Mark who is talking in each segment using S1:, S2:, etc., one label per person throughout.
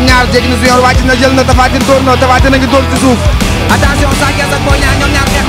S1: ñoom ñaar jéggi na si yoon wàcc na jël na Tapha Tine dóor na Tapha Tine a ngi dóor ci suuf attention Sa Thiès ak Boy Niang ñoom ñaar xeex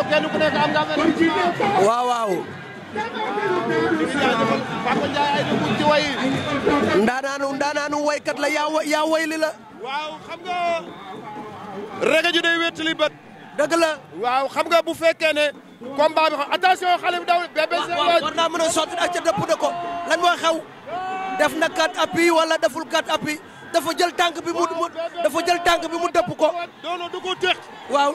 S1: ko kenn ku nekk am nga am. waaw waaw. Papa Ndiaye ay dugg ci way. ndaanaanu
S2: ndaanaanu waykat la yaa wa yaa wayli la.
S1: waaw xam nga. rega ju day wétali bët. dëgg la. waaw xam nga bu fekkee ne. combat bi xam attention xale bi daw Bébé Sène waaw war naa mën a sotti ak ca dëpp na ko lan moo xew. def na kat appui
S2: wala deful kat appui dafa jël tànk bi mu dafa tànk bi mu dëpp ko.
S1: doon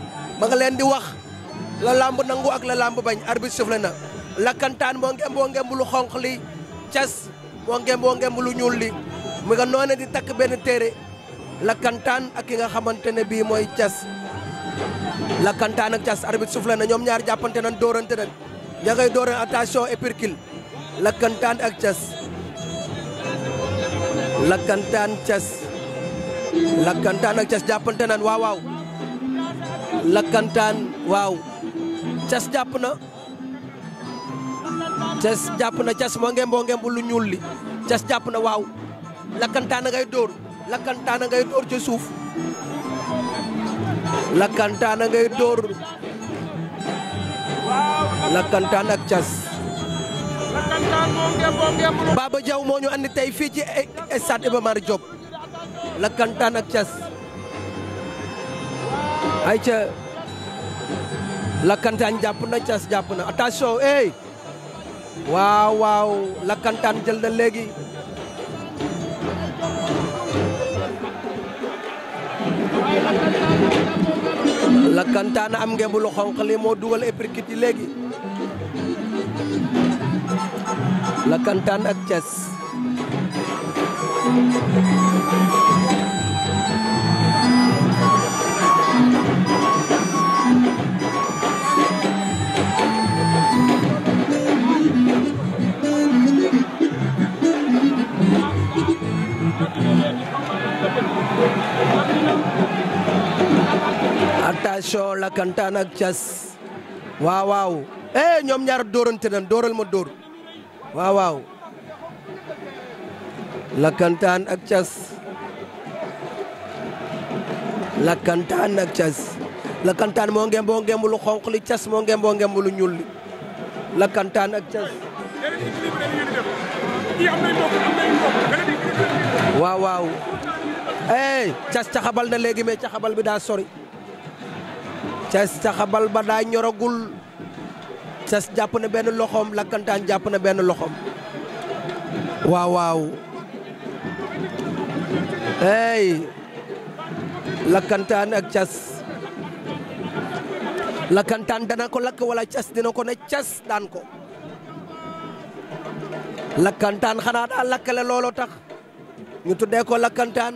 S2: ma leen di wax la làmb nangu ak la làmb bañ arbitre soufflé na lakkantaan moo ngem boo ngemb lu xonq li cas moo ngem boo ngemb lu ñuul li mu nga di takk benn téere lakkantaan ak ki nga xamante ne bii mooy cas lakkantaan ak cas arbitre soufflé na ñoom ñaar jàppante nañ dóorante nañ ña ngay dóoran attention épirkil lakkantaan ak cas lakkantaan cas lakkantaan ak cas jàppante nañ waaw lakkantaan waaw cas jàpp na cas jàpp na cas moo ngeen boo lu ñuul li cas jàpp na waaw lakkantaan a ngay dóor lakkantaan a ngay dóor ca suuf lakkantaan a ngay dóor lakkantaan ak cas Baba Diaw moo ñu andi tey fii ci e-, stade Iba Mar Diop lakkantaan ak cas ay ca lakkantaan jàpp na cas jàpp na attention ey waaw waaw lakkantaan jël na léegi lakkantaan am ngemb lu xonq li moo dugal éprikit yi léegi lakkantaan ak cas attention lakantaan ak cas waaw waaw eh, ñoom ñaar dóorante nañ dóoral ma dóor waaw waaw lakantaan ak cas lakantaan ak cas lakantaan moo ngem boo xonq li cas moo ngem boo ngemb lakantaan ak cas waaw hey cas caxabal na léegi mais caxabal bi daa sori cas caxabal ba daa ñoragul cas jàpp na benn loxoom lakkantaan jàpp na benn loxoom waaw waaw hey lakkantaan ak cas lakkantaan dana ko lakk wala cas dina ko ne cas daan ko lakkantaan xanaa daa lakkale looloo tax ñu tuddee ko lakkantaan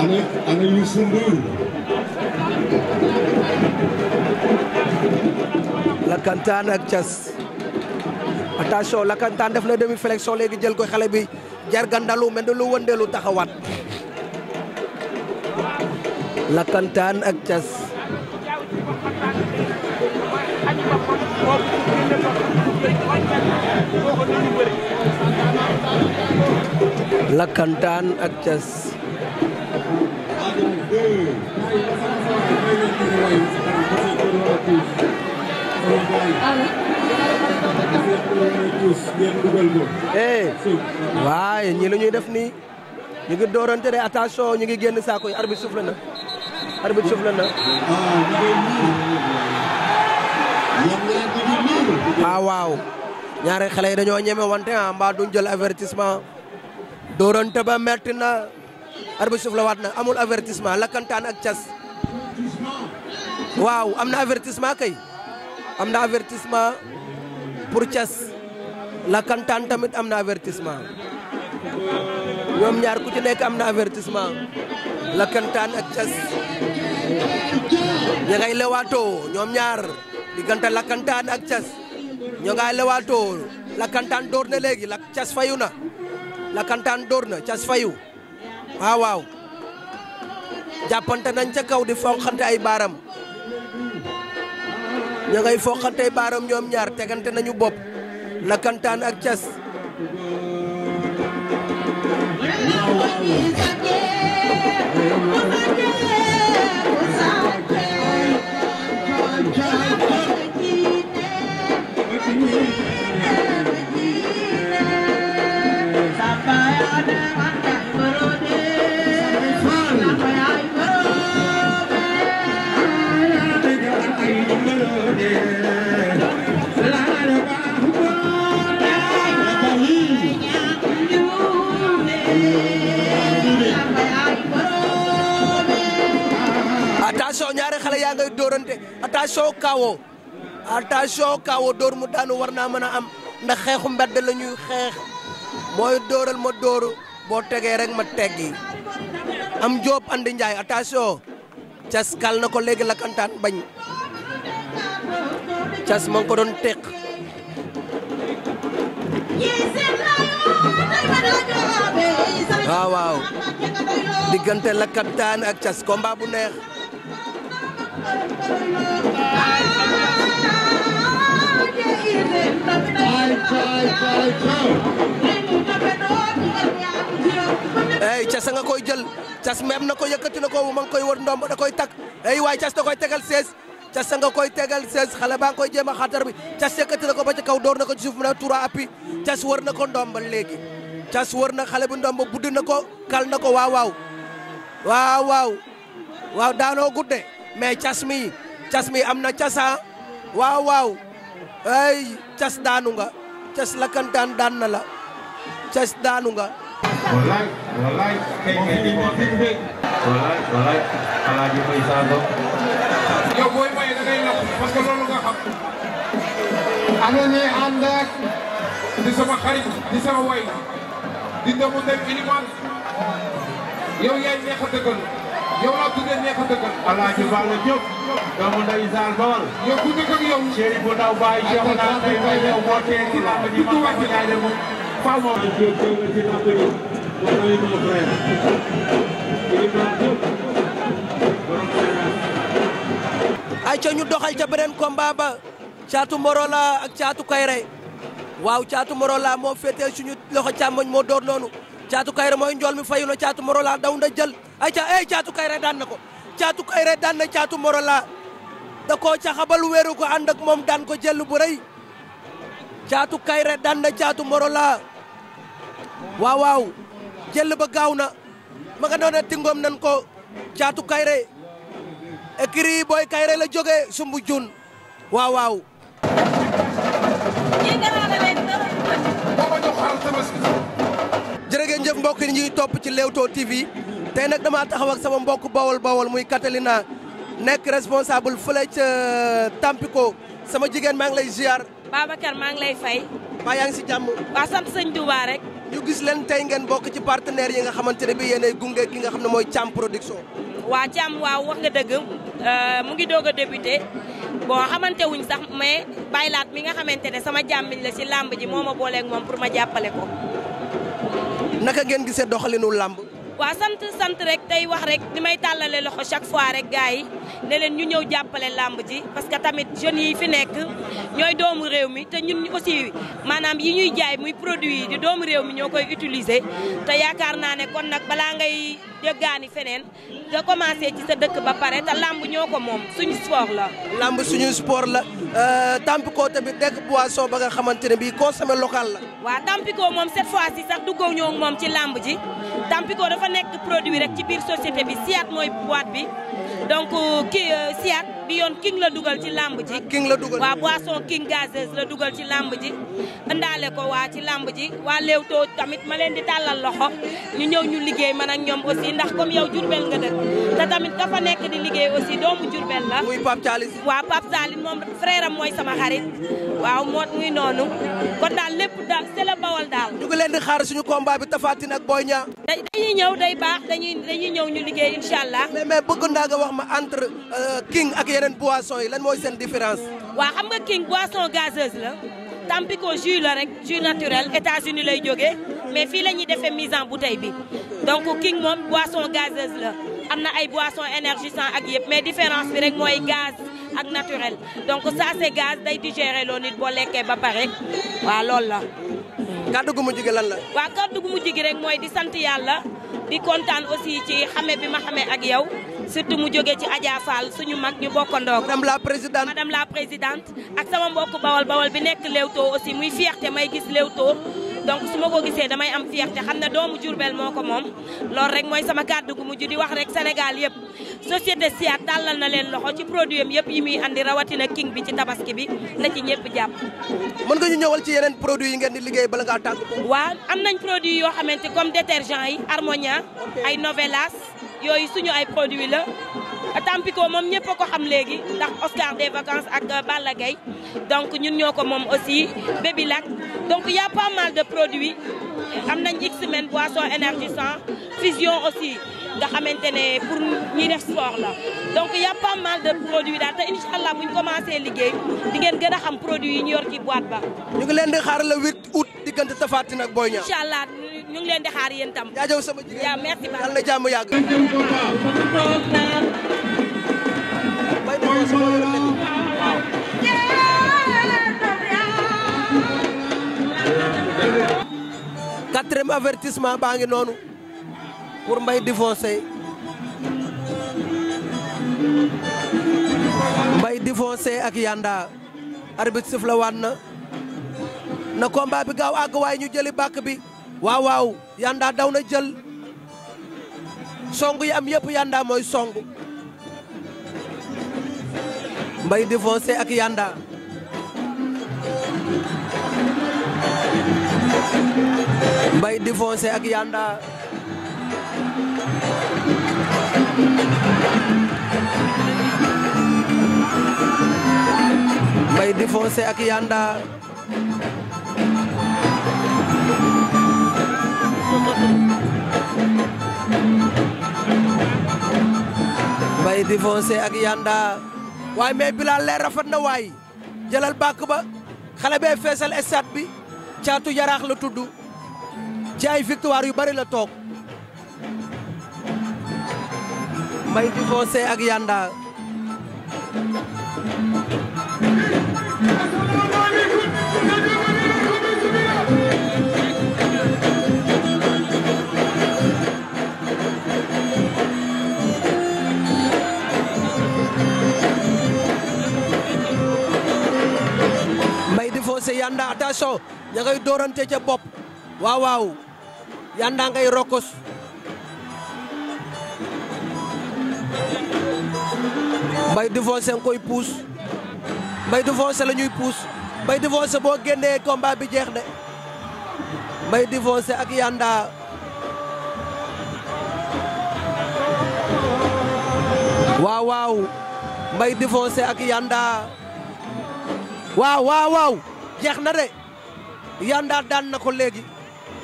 S2: ana ana Lakantaan ak cas attention Lakantaan def na demi flexion léegi jël ko xale bi jargandalu mel lu wëndeelu taxawaat Lakantaan ak cas Lakkantaan ak cas eh waaye ñii la ñuy def ni ñu ngi doorante de attention ñu ngi génn saako yi arbitre souffle na arbitre souffle na. ah ñaari xale yi dañoo ñeme wante ah mbaa duñ jël avertissement dóorante ba metti na arbi suuf la waat na amul avertissement lakkantaan ak cas waaw am na avertissement kay am na avertissement pour cas lakkantaan tamit am na avertissement ñoom ñaar ku ci nekk am na avertissement lakkantaan ak cas ña ngay lewaatoo ñoom ñaar diggante lakkantaan ak cas ñoo ngi lewaatoo lakkantaan door na léegi la cas fayu na lakkantaan door na cas fayu waaw waaw jàppante nañ ca kaw di foqante ay baaram ña ngay foqante ay baaram ñoom ñaar tegante nañu bopp lakkantaan ak cas kawoo attention kawoo dóor mu daanu war naa mën a am ndax xeexu mbedd la xeex mooy dóoral ma dóoru boo tegee rek ma teggi am Jóob andi Njaay attention cas kal na ko léegi lakkantaan bañ cas ma ko doon teq waaw waaw diggante lakkantaan ak cas combat bu neex ey cas nga koy jël cas meem na ko yëkkati ko ma ngi koy wër ndomb da koy tak ey waay cas da koy tegal 16 cas koy tegal 16 xale baa ngi koy a xatar bi cas yëkkati ko ba ci kaw door nako ko ci suuf mu tura appi cas wër na ko ba léegi cas wër na xale bi ndomb budd na ko kal na ko waaw waaw waaw waaw waaw daanoo cas mi cas mi am na casa ah. waaw waaw ay cas daanu nga cas lakkantaan daan na la cas daanu nga
S1: wallaay wallaay kay kay di ko wallaay wallaay alaaji fay saando yow nga xam ana ne ànd ak di sama xarit di sama way di demu dem ilimaan yow yaay neex yow laa tuddee
S2: ay ca ñu doxal ca beneen combat ba caatu Morola ak caatu Kayre waaw caatu Morola moo féetee suñu loxo càmmoñ moo door noonu caatu Kayre mooy njool mi fayu na caatu Morola daw na jël. ay ca ay caatu kayre daan na ko caatu kayre daan na caatu morola da ko ca xabal wéeru ko ànd ak moom daan ko jël bu rëy caatu kayre daan na caatu morola la waaw jël ba gaaw na ma nga tingoom nan ko caatu kayre écrit booy kayre la jógee sumbu jun waaw waaw jërëngeen jëf mbokk yi ñuy topp ci Leewtoo TV tey nag dama taxaw ak sama mbokk bawol bawol muy Catalina nekk responsable fële ca euh, Tampico sama jigéen maa ngi lay ziar.
S3: Babacar maa ngi lay fay. ba yaa ngi si jàmb waa sant sëñ Touba rek. ñu gis leen tey ngeen bokk ci
S2: partenaires yi nga xamante ne bi yéenay gunge ki nga xam ne mooy Thiam production.
S3: waa Thiam waaw wax nga dëgg euh, mu ngi doog a débuté bon xamante wuñ sax mais laat mi nga xamante ne sama jàmmiñ la si làmb ji moo ma booleeg moom pour ma jàppale ko.
S2: ngeen gisee
S3: doxalinu làmb. waa sant sant rek tey wax rek li may tàllale loxo chaque fois rek gars yi ne leen ñu ñëw jàppale làmb ji parce que tamit jeunes yi fi nekk ñooy doomu réew mi te ñun aussi maanaam yi ñuy jaay muy produit yi di doomu réew mi ñoo koy utiliser te yaakaar naa ne kon nag balaa ngay jéggaani feneen nga commencé ci sa dëkk ba pare te làmb ñoo ko moom suñu sport la. lamb suñu
S2: sport la euh, Tampico tamit nekk boisson ba nga xamante ne bii consommé local
S3: la. waa Tampico moom cette fois ci sax duggoo ñoo moom ci làmb ji Tampico dafa nekk produit rek ci biir société bi siyaat mooy boîte bi. donc kii euh, Siak bi yoon king la dugal ci làmb ji. Ah, king la dugal waaw king gazeuse la dugal ci làmb ji. ëndaale ko waa ci làmb ji waa Leewtoo tamit ma leen di tàllal loxo ñu ñëw ñu liggéey man ak ñoom aussi ndax comme yow Jurbel nga dëkk. te tamit dafa nekk di liggéey aussi doomu Jurbel la. muy Pape Thialis. waaw Pape Thialis moom frère mooy sama xarit. waaw moo muy noonu. kon daal lépp daal c'est la daal. ñu leen di xaar suñu combat bi Tapha Tine ak Boy Niang. dañuy day baax ñu liggéey incha allah. am entre euh, king ak yeneen boisson yi lan mooy seen différence. waaw xam nga king boisson gazeuse la. tampico jus la rek jus naturel États-Unis lay jógee mais fii la ñuy defee mise en bouteille bi donc king moom boisson gazeuse la am na ay boisson énergisant ak yëpp mais différence bi rek mooy gaz ak naturel donc ça c'est gaz day digérer loo nit boo lekkee ba pare waa lool la. kaddu gu mujj gi lan la. waa kaddu gu mujj gi rek mooy di sant yàlla di kontaan aussi ci xame bi ma xamee ak yow. surtout mu jógee ci Adja Fall suñu mag ñu bokkandoo ko. madame la présidente madame la présidente ak sama mbokk bawal bawal bi nekk Leewtoo aussi muy fierté may gis Leewtoo donc su ma koo gisee damay am fierté xam ne doomu Diourbel moo ko moom loolu rek mooy sama kàddu gu mujj di wax rek Sénégal yëpp société SIAD tàllal na leen loxo ci produit am yëpp yi muy andi rawatina king bi ci tabaski bi na ci ñëpp jàpp. mën nga ñu ñëwal ci yeneen produit yi ngeen di liggéey bala ngaa tàgg. waaw am nañ produit yoo xamante comme détergent yi Harmonia ay Novelas yooyu suñu ay produit la. Tampico moom ñëpp a ko xam léegi ndax Oscar des vacances ak euh, Balla Gaye donc ñun ñoo ko moom aussi Baby Lac donc y' a pas mal de produit am nañ X-Men boisson énergisant fusion aussi nga xamante ne pour ñi def sport la donc y' a pas mal de produits daal te incha allah bu ñu commencé liggéey di ngeen gën a xam produits yi ñu yor ci boîte ba.
S2: ñu ngi leen di xaar
S3: la 8 août diggante Tapha Tine ak Boy Niang. ñu ngi leen di xaar yéen tam. jaajëf sama jigéen yaa merci beaucoup yàlla na jàmm yàgg.
S2: quatrième avertissement baa ngi noonu pour Mbaye défoncé Mbaye défoncé ak Yanda arbitre sifla waat na na combat bi gaaw àgg waaye ñu jëli bàkk bi waawaaw waaw Yanda daw na jël song yi am yëpp Yanda mooy song Mbaye défoncé ak Yanda Mbaye ak Yanda Mbaye défoncé waaye mais Bilal leer rafet na waay jëlal bàkk ba xale bee feesal stade bi caatu yaraax la tudd ci ay victoire yu bari la toog may divorcé ak yanda Yanda attention ña ngay dóorante ca bopp waaw waaw ngay rokkos Mbaye Difonse nga koy puus Mbaye Difonse la ñuy puus Mbaye Difonse boo génnee combat bi jeex de Mbaye Difonse ak Yanda waaw waaw Mbaye Difonse ak Yanda waaw waaw waaw jeex na de yandaa daan na ko léegi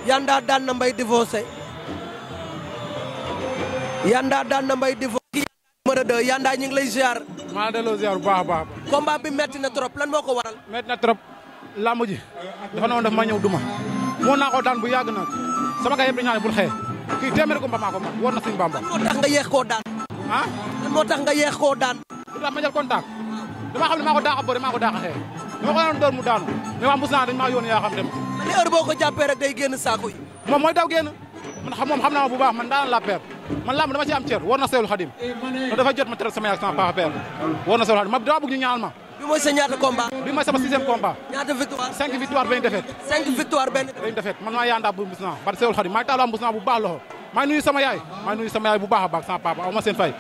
S2: yandaa daan na mbay divorcé yandaa daan na mbay divorcé numéro 2 yandaa ñu ngi lay
S1: ziar maa delloo ziar baax a baax bi metti na trop lan moo ko waral metti na trop làmb ji dafa na dafa ma ñëw duma moo naa ko daan bu yàgg na sama gars yëpp dañu bul xëy kii téeméeri ko mbamaa ko ma war na suñu moo tax nga yeex koo daan ah moo tax nga yeex koo daan dama xam ne maa ko daax a bëri maa ko daax a ma ko doon door mu daanu mais waa Moussa dañ maa yónni yaa xam dem. man heure boo ko jàppee rek day génn saako yi. moom mooy daw génn man xam moom xam naa ma bu baax man daan la paire man làmb dama am cër war na Seyul Xadim te eh, dafa jot ma teral sama yaak sama papa paire war na Seyul Xadim ma dama bëgg ñu ñaanal ma. bi mooy sa ñaata combat. bi mooy sama sixième combat. ñaata victoire. cinq victoire benn défaite. cinq victoire benn défaite. benn défaite man maa yaandaa bu Moussa bar Seyul Xadim maa ngi taalaa Moussa bu sama yaay maa ngi nuyu a baax sama papa aw ma seen fay.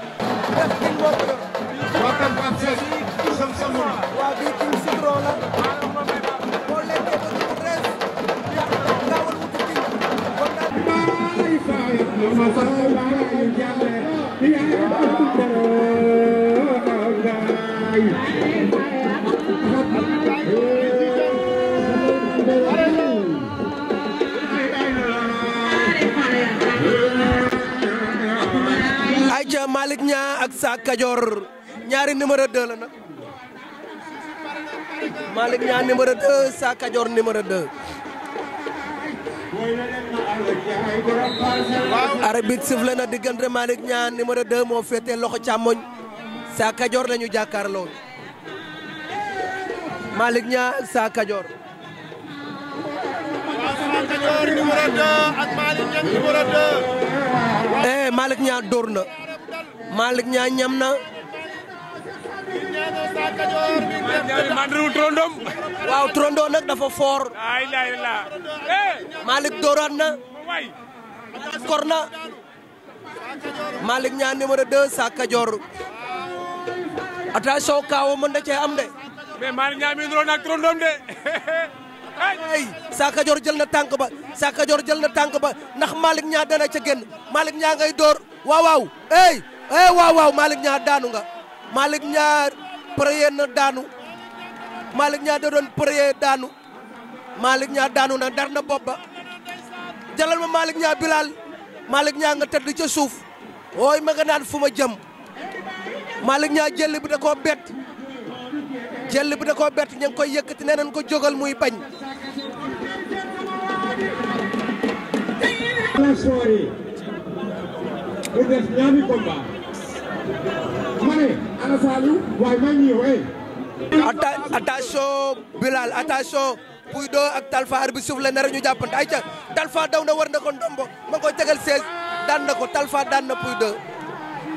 S2: Aïcha Malick Niang ak Sa Cadior ñaari numéro 2 Malick Niang numéro 2 Sa Cadior numéro 2. arbitre sifflé na diggante Malick Niang moo féetee loxo càmmoñ Sa Cadior la ñu jàkkaarloo Malick Niang ak Sa Cadior. Sa
S1: Cadior numéro 2
S2: ñam na. waaw turandoo nag dafa foor. Malick dooraat na. kor ñaa Malick Niang numéro 2 Sakadior. attention kaaw mën na cee am de. mais Malick Niang mi nuroon ak turandoom de. ay Sakadior jël na tànk ba Sakadior jël na tànk ba ndax Malick Niang dana ca génn Malick Niang ngay door waaw waaw. ey ey waaw waaw Malick Niang daanu nga. Malick Niang prier daanu Malick Niang da doon daanu Malick Niang daanu na dar na bopp ba jalal ma Malick Niang Bilal Malick Niang nga tëdd ca suuf ooy ma fu ma jëm Malick Niang jëll bi da koo bett jëll bi da koo bett ñu ngi koy yëkkati ko jógal muy bañ ana Saliou waaye maa ngi ak Talfa arbitre bi soufflé nar ñu jàppante ayca Talfa daw na war na ko ndombo ma koy ko Talfa daan na daan na Pouye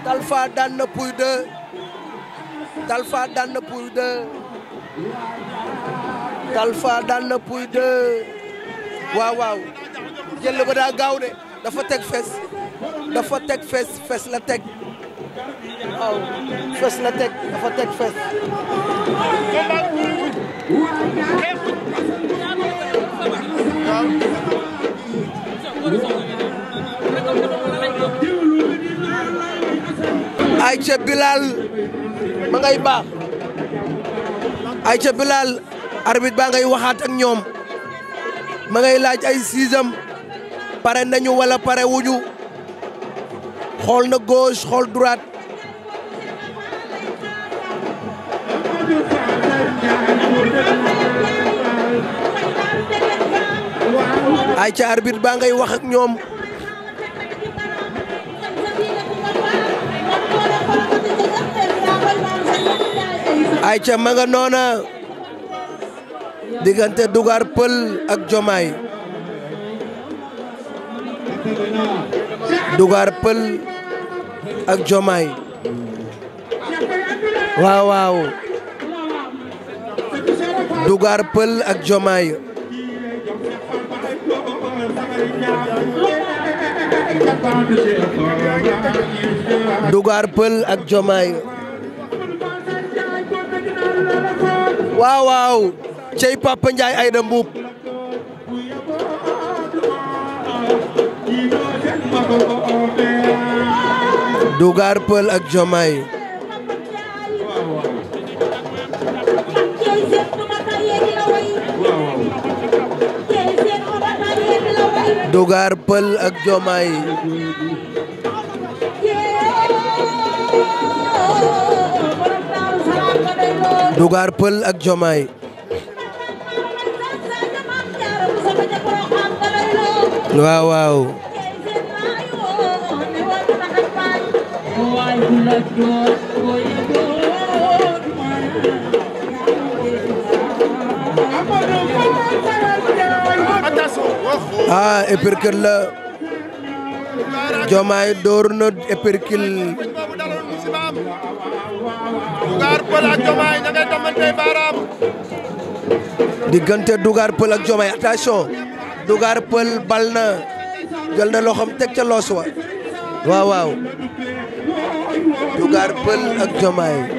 S2: Talfa daan na Pouye 2 Talfa daan na Pouye 2 waaw waaw jël ba daa gaaw de dafa teg fees dafa teg fees fees la teg. waaw fes la teg dafa teg fes. Aïcha Bilal ma ngay baax Aïcha Bilal arbitre baa ngay waxaat ak ñoom ma ngay laaj ay siisam pare nañu wala pare wuñu xool na gauche xool droite ay ca arbitre baa ngay wax ak ñoom ay ca ma noona diggante Dougar Peul ak Jomaay Dougar Peul ak Jomaay waaw waaw Dougar Peul ak Jomaay Dugar Pël ak Jomaay waaw waaw cey Papa Ndiaye Aïda Mboup Dugar Pël ak Jomaay Pël ak Diomaye Dougar waaw waaw ah épercule la Diomaye dóor na épercule.
S1: Dougar Peul ak Diomaye da ngay damantey baaraam.
S2: diggante Dougar Peul ak Diomaye attention Dougar Peul bal na jël na teg ca loos wa waaw waaw Dougar Peul ak Diomaye.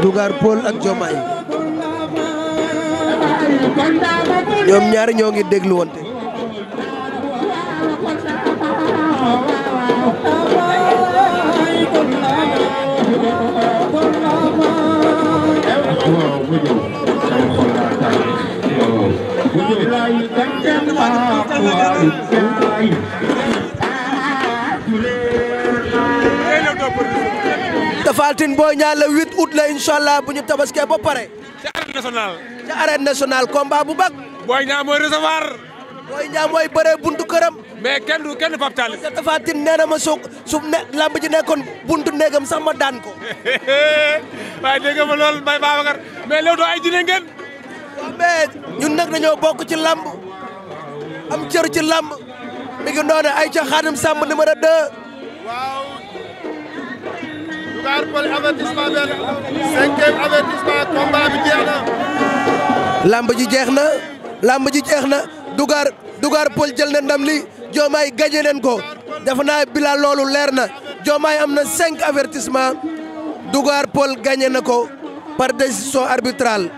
S2: Dugar Paul ak Jomaay ñoom ñaari ñoo ngi déglu wante Tapha Tine Boy Niang le 8 la incha allah bu ñu tabaskee ba pare. ca arène nationale. ca arène nationale combat bu mag. Boy Niang mooy recevoir. Boy Niang mooy bëree buntu këram. mais kenn du kenn Pape Tall. te Tapha Tine nee na ne lamb ji nekkoon buntu néegam sax ma daan ko. waaye dégg nga ma lool Mbaye Babacar mais Leewtoo ay jine ngeen. waaw mais ñun nag dañoo bokk ci lamb am cër ci lamb mi ngi ay ca Xaadim Samb numéro 2. waaw. Dakar ji jeex na lamb ji jeex na Dakar Dakar Peulh jël ndam li Diomaye gagné leen ko defe naa bila loolu leer na Diomaye am na cinq avertissement Dakar Peulh na ko par décision arbitrale.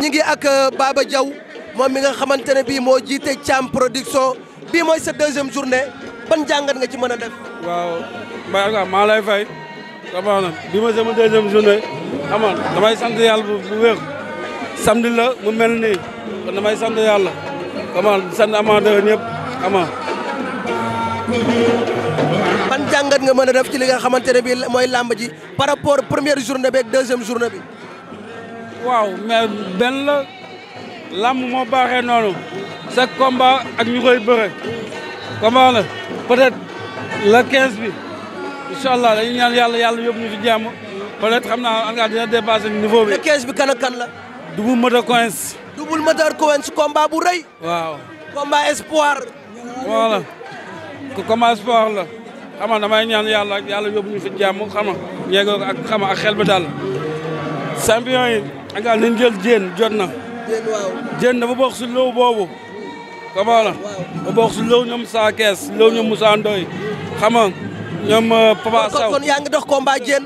S2: ñi ngi ak euh, Baba jaw moom bi nga xamante ne bii moo jiite Thiam
S1: production bii mooy sa deuxième journée. ban jàngat nga ci mën a def. waaw Mbaye Arga maa lay fay. xam na ma sama deuxième journée. xam nga damay sant yàlla bu bu wér. la mu mel nii kon damay sant yàlla. xam nga sant amateur ñëpp xam nga. ban jàngat nga mën a
S2: def ci li nga xamante ne mooy làmb ji par rapport première journée bi ak deuxième journée bi.
S1: waaw mais benn la làmb moo baaxee noonu. chaque combat ak ñu koy bëre. combat la. peut-être le 15 bi incha dañu ñaan yàlla yàlla yóbbu ñu fi jàmm peut-être xam naa ANCAR dina dépassé niveau bi. le 15 bi kan ak kan la. Double Moteur Coins. Double Moteur Coins combat bu la xam nga damay ñaan yàlla yàlla yóbbu ñu fi jàmm xam nga yeegoo ak xel bi daal champion yi ANCAR nañ jël jéen jot na. jéen waaw jéen dafa bokk si boobu. xama la ba bokk si lëw ñoom saa kees lëw ñoom Moussa Ndoye xam nga ñoom euh, Papa Sow kon yaa ngi dox combat jeen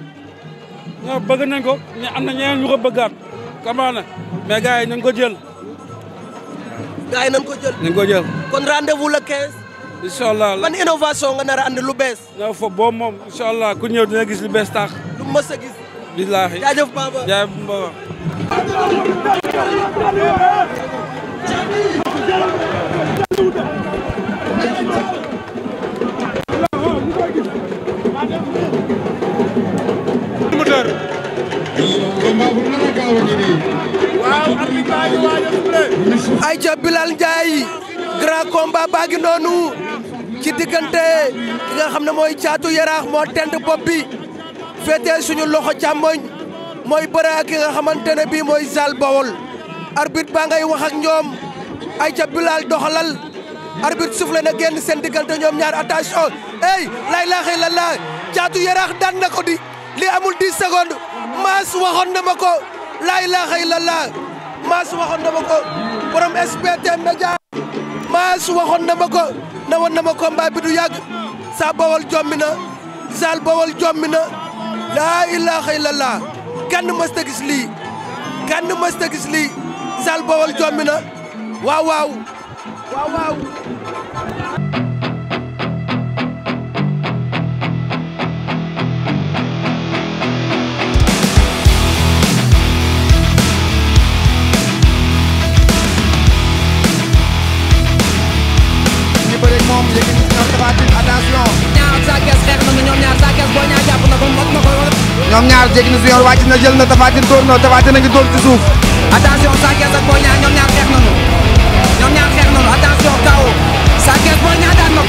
S1: ñoo bëgg nañ ko ñu am na ñeneen ñu ko bëggaat xama na mais gars yi nañ ko jël gars yi nañ ko jël nañ ko jël kon rendez-vous la kees incha allah ban innovation nga nar a andi lu bees ñoo fa boobu moom incha allah ku ñëw dina gis lu bees tax lu mës a gis billaahi jaajëf Baba jaajëf Baba
S2: ay ca Bilal Ndiaye grand combat baa ngi noonu ci diggante ki nga xam ne mooy caatu yaraax moo tent bopp bi féetee suñu loxo càmmoñ mooy bëre ak ki nga xamante ne bii mooy Zal Bawol arbitre baa ngay wax ak ñoom ay ca Bilal doxalal arbitre soufflé na génn seen diggante ñoom ñaar attention ey lay laaxi la caatu yaraax daan ko di li amul 10 secondes maas waxoon na ma ko lay laaxi la laa waxoon na ma ko borom SBT Média maas waxoon na ma ko na woon na ma combat bi du yàgg saa bawal jommi na saal bawal jommi na laa ilaaha illallah kenn mësta gis lii kenn mësta gis lii saal bawal jommi na waaw waaw
S1: waaw waaw ñoom ñaar jéggi ni su yor wàcc na jël na Tapha Tine dóor na Tapha Tine a ngi dóor ci suuf
S3: attention Sa Thiès ak Boy Niang ñoom ñaar xeex nañu yo
S2: KO Sa Thiès mooy ñaa daan ma